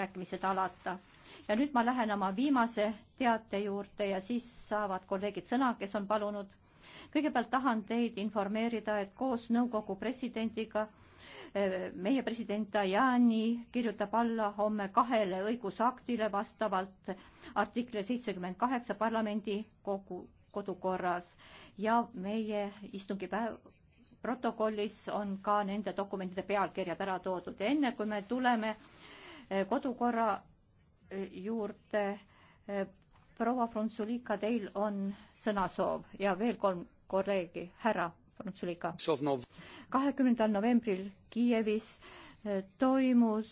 läbirääkimised alata. ja nüüd ma lähen oma viimase teate juurde ja siis saavad kolleegid sõna, kes on palunud. kõigepealt tahan teid informeerida, et koos nõukogu presidendiga eh, meie president Tajani kirjutab alla homme kahele õigusaktile vastavalt artikli seitsekümmend kaheksa parlamendi kogu kodukorras ja meie istungipäev protokollis on ka nende dokumentide pealkirjad ära toodud ja enne kui me tuleme kodukorra juurde. proua Frunzulika, teil on sõnasoov ja veel kolm kolleegi, härra Frunzulika. kahekümnendal novembril Kiievis eh, toimus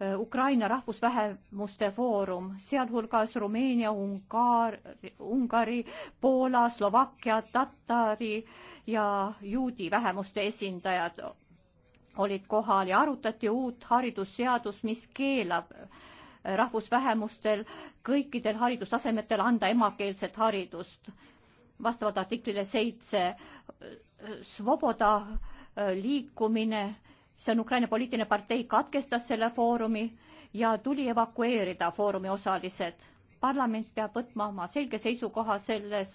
eh, Ukraina rahvusvähemuste foorum, sealhulgas Rumeenia, Ungaar, Ungari, Poola, Slovakkia, tatari ja juudi vähemuste esindajad olid kohal ja arutati uut haridusseadust, mis keelab äh, rahvusvähemustel kõikidel haridustasemetel anda emakeelset haridust. vastavalt artiklile seitse äh, Svoboda äh, liikumine, see on Ukraina poliitiline partei, katkestas selle foorumi ja tuli evakueerida foorumi osalised. parlament peab võtma oma selge seisukoha selles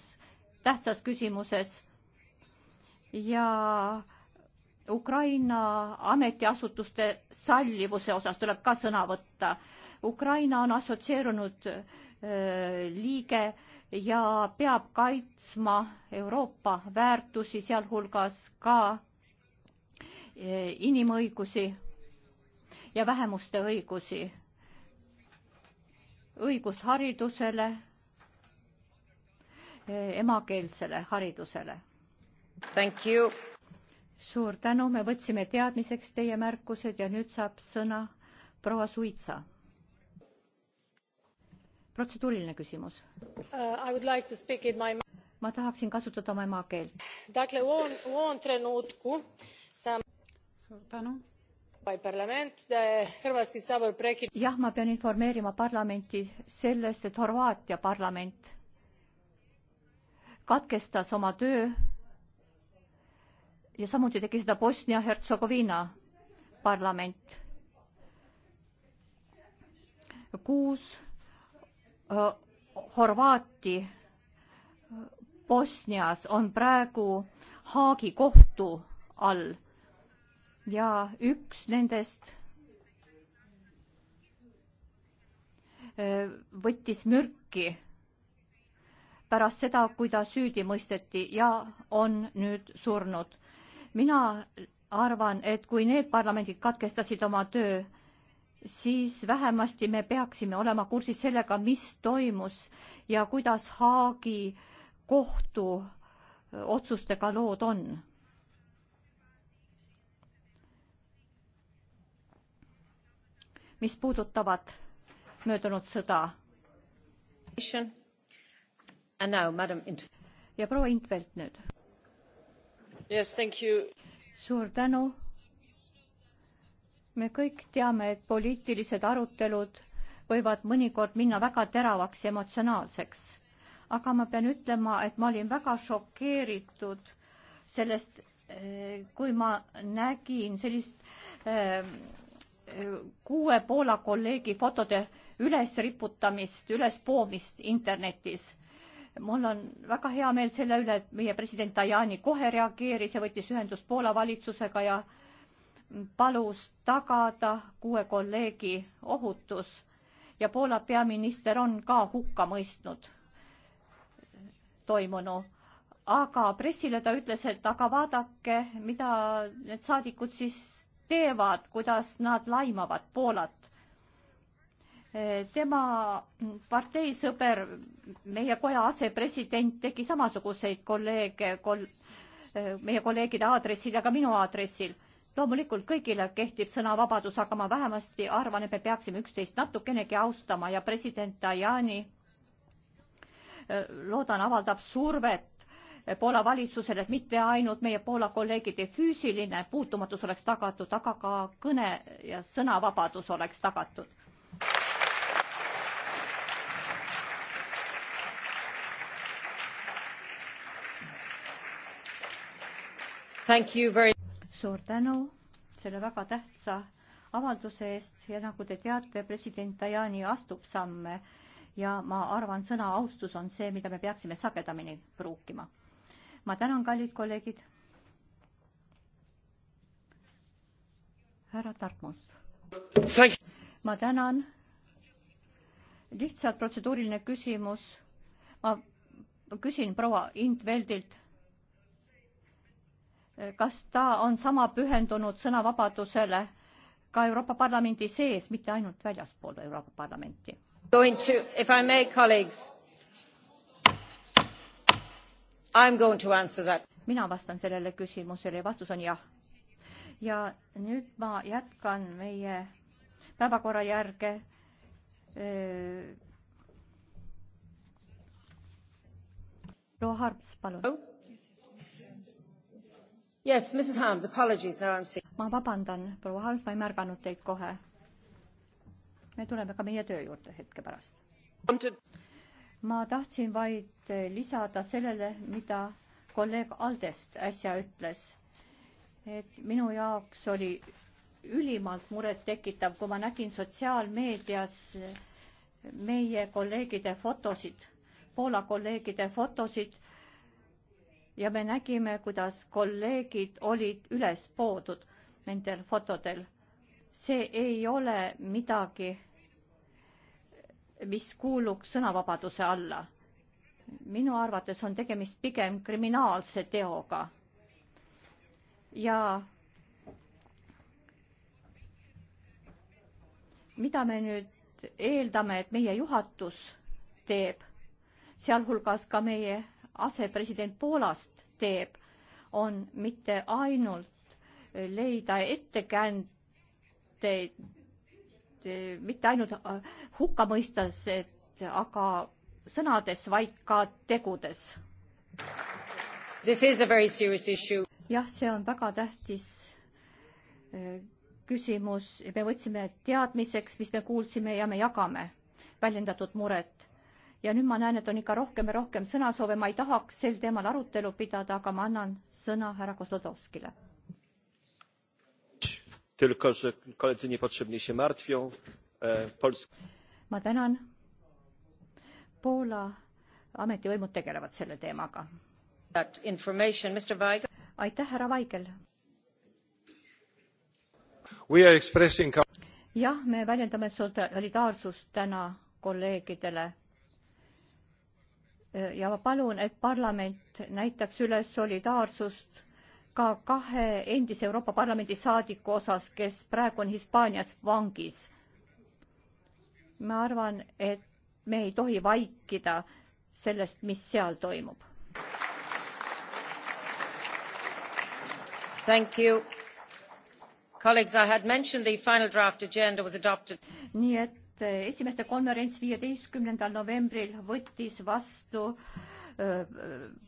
tähtsas küsimuses ja Ukraina ametiasutuste sallivuse osas tuleb ka sõna võtta. Ukraina on assotsieerunud liige ja peab kaitsma Euroopa väärtusi, sealhulgas ka inimõigusi ja vähemuste õigusi, õigust haridusele, emakeelsele haridusele suur tänu, me võtsime teadmiseks teie märkused ja nüüd saab sõna proua Suitsa. protseduuriline küsimus uh,. Like my... ma tahaksin kasutada oma emakeelt. suur tänu jah ma pean informeerima parlamenti sellest et horvaatia parlament katkestas oma töö ja samuti tegi seda Bosnia-Hertsegoviina parlament. kuus äh, Horvaati äh, Bosnias on praegu Haagi kohtu all ja üks nendest äh, võttis mürki pärast seda, kui ta süüdi mõisteti ja on nüüd surnud mina arvan, et kui need parlamendid katkestasid oma töö, siis vähemasti me peaksime olema kursis sellega, mis toimus ja kuidas Haagi kohtu otsustega lood on. mis puudutavad möödunud sõda. ja proua Intvelt nüüd Yes, suur tänu. me kõik teame, et poliitilised arutelud võivad mõnikord minna väga teravaks ja emotsionaalseks. aga ma pean ütlema, et ma olin väga šokeeritud sellest, eh, kui ma nägin sellist eh, kuue Poola kolleegi fotode ülesriputamist, ülespoomist internetis mul on väga hea meel selle üle, et meie president Tajani kohe reageeris ja võttis ühendust Poola valitsusega ja palus tagada kuue kolleegi ohutus ja Poola peaminister on ka hukka mõistnud toimunu. aga pressile ta ütles, et aga vaadake, mida need saadikud siis teevad, kuidas nad laimavad Poolat tema parteisõber, meie koja asepresident tegi samasuguseid kolleege kol,, meie kolleegide aadressil ja ka minu aadressil. loomulikult kõigile kehtib sõnavabadus, aga ma vähemasti arvan, et me peaksime üksteist natukenegi austama ja president Tajani loodan, avaldab survet Poola valitsusele, et mitte ainult meie Poola kolleegide füüsiline puutumatus oleks tagatud, aga ka kõne ja sõnavabadus oleks tagatud Very... suur tänu selle väga tähtsa avalduse eest ja nagu te teate, president Tajani astub samme ja ma arvan, sõna austus on see, mida me peaksime sagedamini pruukima. ma tänan, kallid kolleegid. härra Tartmus. ma tänan. lihtsalt protseduuriline küsimus. ma küsin proua Intveldilt kas ta on sama pühendunud sõnavabadusele ka Euroopa Parlamendi sees, mitte ainult väljaspool Euroopa Parlamenti? mina vastan sellele küsimusele ja vastus on jah. ja nüüd ma jätkan meie päevakorra järge. proua Harms, palun oh.. Yes, Mrs Harms, apologies, now I am seeing. ma vabandan, proua Harms, ma ei märganud teid kohe. me tuleme ka meie töö juurde hetke pärast. ma tahtsin vaid lisada sellele, mida kolleeg Aldest äsja ütles. et minu jaoks oli ülimalt murettekitav, kui ma nägin sotsiaalmeedias meie kolleegide fotosid, Poola kolleegide fotosid ja me nägime, kuidas kolleegid olid üles poodud nendel fotodel. see ei ole midagi, mis kuuluks sõnavabaduse alla. minu arvates on tegemist pigem kriminaalse teoga. ja mida me nüüd eeldame, et meie juhatus teeb, sealhulgas ka meie asepresident Poolast teeb, on mitte ainult leida ettekäänteid, mitte ainult äh, hukka mõistes, et aga sõnades, vaid ka tegudes. jah, see on väga tähtis äh, küsimus, me võtsime teadmiseks, mis me kuulsime ja me jagame väljendatud muret ja nüüd ma näen, et on ikka rohkem ja rohkem sõnasoove, ma ei tahaks sel teemal arutelu pidada, aga ma annan sõna härra Kozlodovskile. E, ma tänan. Poola ametivõimud tegelevad selle teemaga. aitäh, härra Vaigel. jah, me väljendame solidaarsust täna kolleegidele ja ma palun, et parlament näitaks üles solidaarsust ka kahe endise Euroopa Parlamendi saadiku osas, kes praegu on Hispaanias vangis. ma arvan, et me ei tohi vaikida sellest, mis seal toimub. Thank you. Colleagues, I had mentioned the final draft agenda was adopted. nii et et esimeste konverents viieteistkümnendal novembril võttis vastu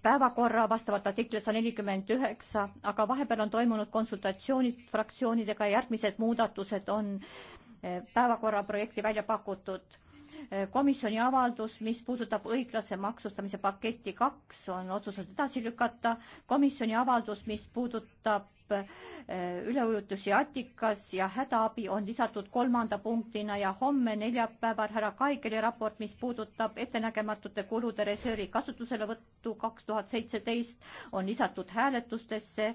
päevakorra vastavalt artikli sada nelikümmend üheksa, aga vahepeal on toimunud konsultatsioonid fraktsioonidega ja järgmised muudatused on päevakorra projekti välja pakutud Eh, komisjoni avaldus, mis puudutab õiglase maksustamise paketti kaks, on otsustatud edasi lükata. komisjoni avaldus, mis puudutab eh, üleujutusi Atikas ja hädaabi, on lisatud kolmanda punktina ja homme neljapäeval härra Kaigeli raport, mis puudutab ettenägematute kulude reservi kasutuselevõttu kaks tuhat seitseteist, on lisatud hääletustesse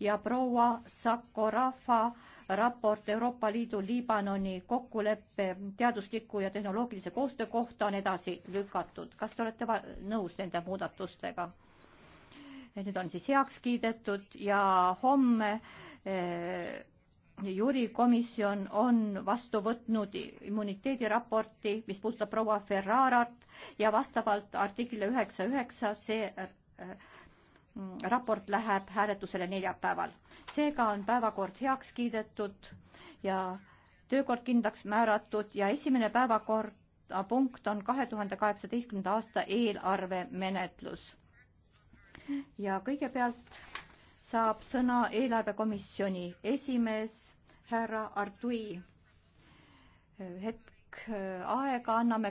ja proua Sakorafa raport Euroopa Liidu Liibanoni kokkuleppe teadusliku ja tehnoloogilise koostöö kohta on edasi lükatud. kas te olete nõus nende muudatustega? Need on siis heaks kiidetud ja homme eh, juurikomisjon on vastu võtnud immuniteediraporti, mis puudutab proua Ferrarat ja vastavalt artiklile üheksa üheksa see eh, Mm, raport läheb hääletusele neljapäeval. seega on päevakord heaks kiidetud ja töökord kindlaks määratud ja esimene päevakorrapunkt on kahe tuhande kaheksateistkümnenda aasta eelarve menetlus. ja kõigepealt saab sõna eelarvekomisjoni esimees härra Artui. hetk äh, aega anname